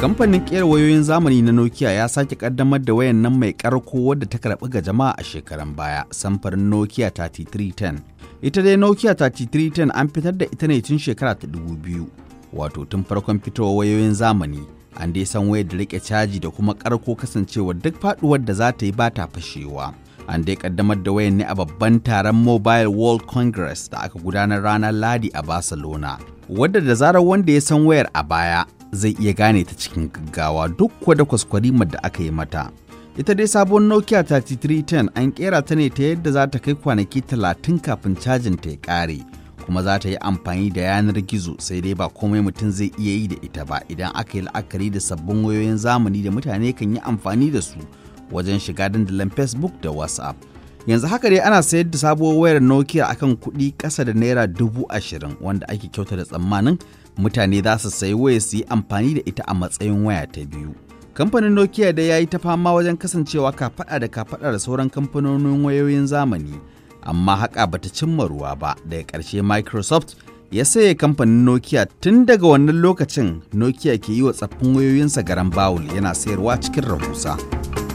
Kamfanin kera wayoyin zamani na Nokia ya sake ƙaddamar da wayan nan mai karko wadda ta karɓi ga jama'a a shekaran baya, samfarin Nokia 3310. Ita dai Nokia 3310 an fitar da ita ne tun shekara ta 2000, wato tun farkon fitowar wayoyin zamani. An dai san wayar da rike caji da kuma ƙarko kasancewar duk faduwar da za ta yi bata fashewa. An dai ƙaddamar da wayan ne a babban taron Mobile World Congress da aka gudanar ranar Ladi a Barcelona. Wadda da zarar wanda ya san wayar a baya zai iya gane ta cikin gaggawa duk da kwaskwarimar da aka yi mata. Ita dai sabon Nokia 3310 an kera ta ne ta yadda za ta kai kwanaki 30 kafin cajin ta ya ƙare, kuma za ta yi amfani da yanar gizo sai dai ba komai mutum zai iya yi da ita ba idan aka yi la'akari da sabbin wayoyin zamani da mutane kan yi amfani da su wajen shiga dandalin Facebook da WhatsApp. yanzu haka dai ana sayar da sabuwar wayar nokia akan kuɗi ƙasa da naira dubu ashirin wanda ake kyauta da tsammanin mutane za su sayi waya su yi amfani da ita a matsayin waya ta biyu kamfanin nokia da ya yi ta fama wajen kasancewa kafaɗa da kafaɗa da sauran kamfanonin wayoyin zamani amma haka bata cimma ruwa ba daga ƙarshe microsoft ya saye kamfanin nokia tun daga wannan lokacin nokia ke yi wa tsaffin wayoyinsa garan bawul yana sayarwa cikin rahusa.